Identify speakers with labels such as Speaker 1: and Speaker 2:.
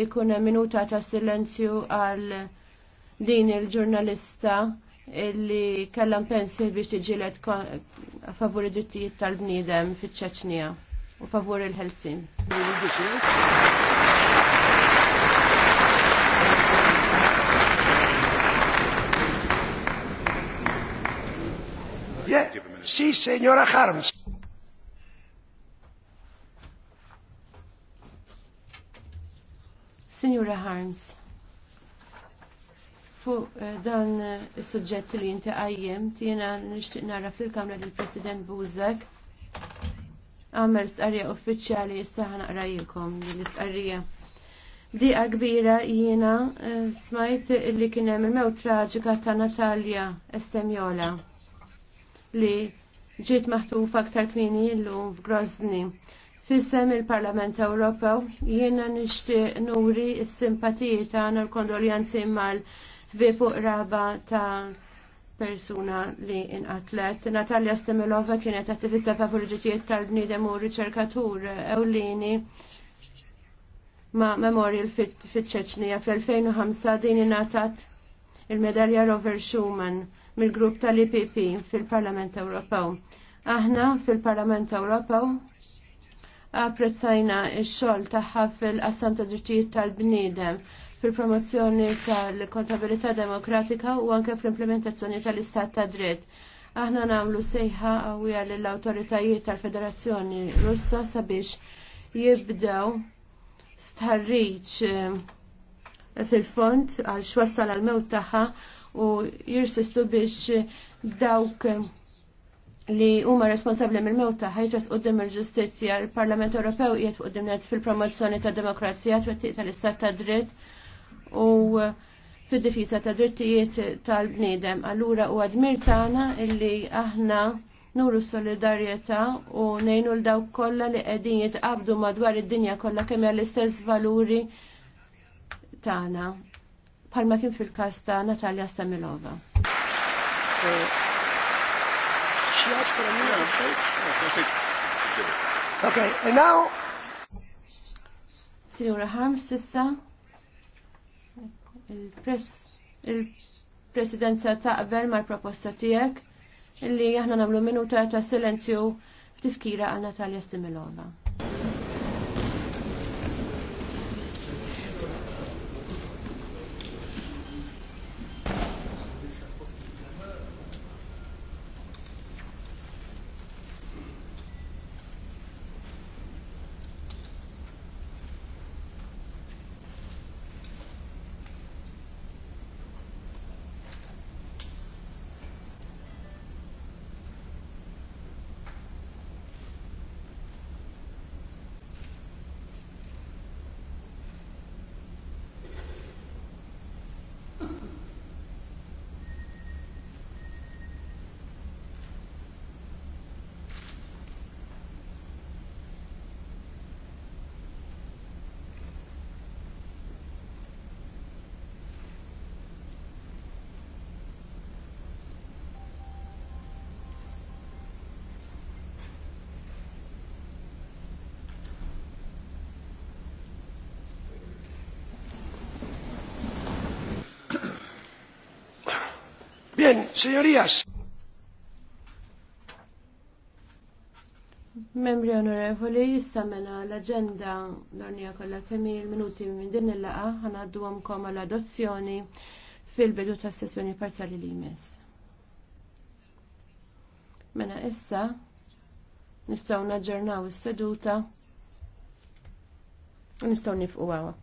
Speaker 1: ikun minuta ta' silenzju għal din il-ġurnalista illi kellam pensi biex tiġilet favori drittijiet tal-bniedem fiċ-ċeċnija u favori il-Helsin. sì, signora Harms. Signora Harms, fuq eh, dan is-suġġett eh, li inti qajjem, jiena nixtieq nara fil-Kamra lill president Buzek għamel stqarrija uffiċjali issa ħanaqrajilkom l-istqarrija. Diqa kbira jiena eh, smajt li kien hemm il-mew traġika ta' Natalja Estemjola li ġiet maħtufa aktar kmini l-lum f'Grozni. Fissem il-Parlament Ewropew jiena nixtieq nuri s-simpatiji tagħna l-kondoljanzi mal-ħbieb u qraba ta' persuna li inqatlet. Natalja Stemilova kienet attivista ta' politiċijiet tal-bniedem u riċerkatur ewlieni ma' Memorial fit-ċeċnija fl-2005 din ingħatat il-medalja Rover Schumann mill-grupp tal-IPP fil-Parlament Ewropew. Aħna fil-Parlament Ewropew apprezzajna x-xogħol tagħha fil-qassam ta' drittijiet tal-bniedem fil-promozzjoni tal-kontabilità demokratika u anke fl-implementazzjoni tal-istat ta' dritt. Aħna nagħmlu sejħa għawija lill-awtoritajiet tal-Federazzjoni Russa sabiex jibdew starriċ eh, fil-font għal xwassal għal-mewt tagħha u jirsistu biex dawk li huma responsabbli mill-mewta ħajtras qudiem il-ġustizzja l-Parlament Ewropew qiegħed qudiem net fil-promozzjoni tad demokrazija twettiq tal-istat ta' dritt u fid-difisa ta' drittijiet tal-bniedem. Allura u dmir tagħna illi aħna nuru solidarjetà u ngħinu l dawk kollha li qegħdin jitqabdu madwar id-dinja kollha kemm hija l-istess valuri tagħna. Palma kien fil-każ ta' Natalja Stamilova. Eh, she asked for a new one, so. Yes, Okay, and now... Signora Harms, sissa, il-presidenza taqbel ma' proposta tijek illi jahna namlu minuta ta' silenzju tifkira għal Natalia Stimilova. Bien, señorías. Membri onorevoli, jissamena l-agenda l-ornija kolla kemmi il-minuti minn din il-laqa ħanaddu għamkom għal-adozzjoni fil-bidu ta' sessjoni parzali li jmiss. Mena issa nistaw naġġernaw is-seduta u nistaw nifqu għawa.